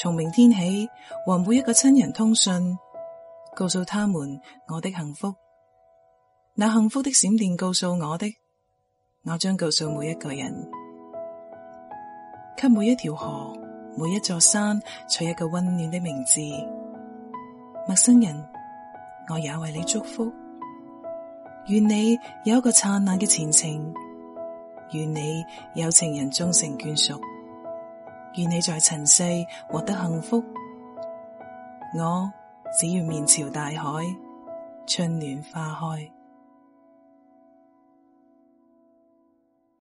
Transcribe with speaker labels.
Speaker 1: 從明天起，和每一個親人通訊，告訴他們我的幸福。那幸福的閃電告訴我的，我將告訴每一個人。給每一條河，每一座山，取一個溫暖的名字。陌生人，我也為你祝福。願你有一個燦爛嘅前程，願你有情人終成眷屬。願你在塵世獲得幸福，我只願面朝大海，春暖花開。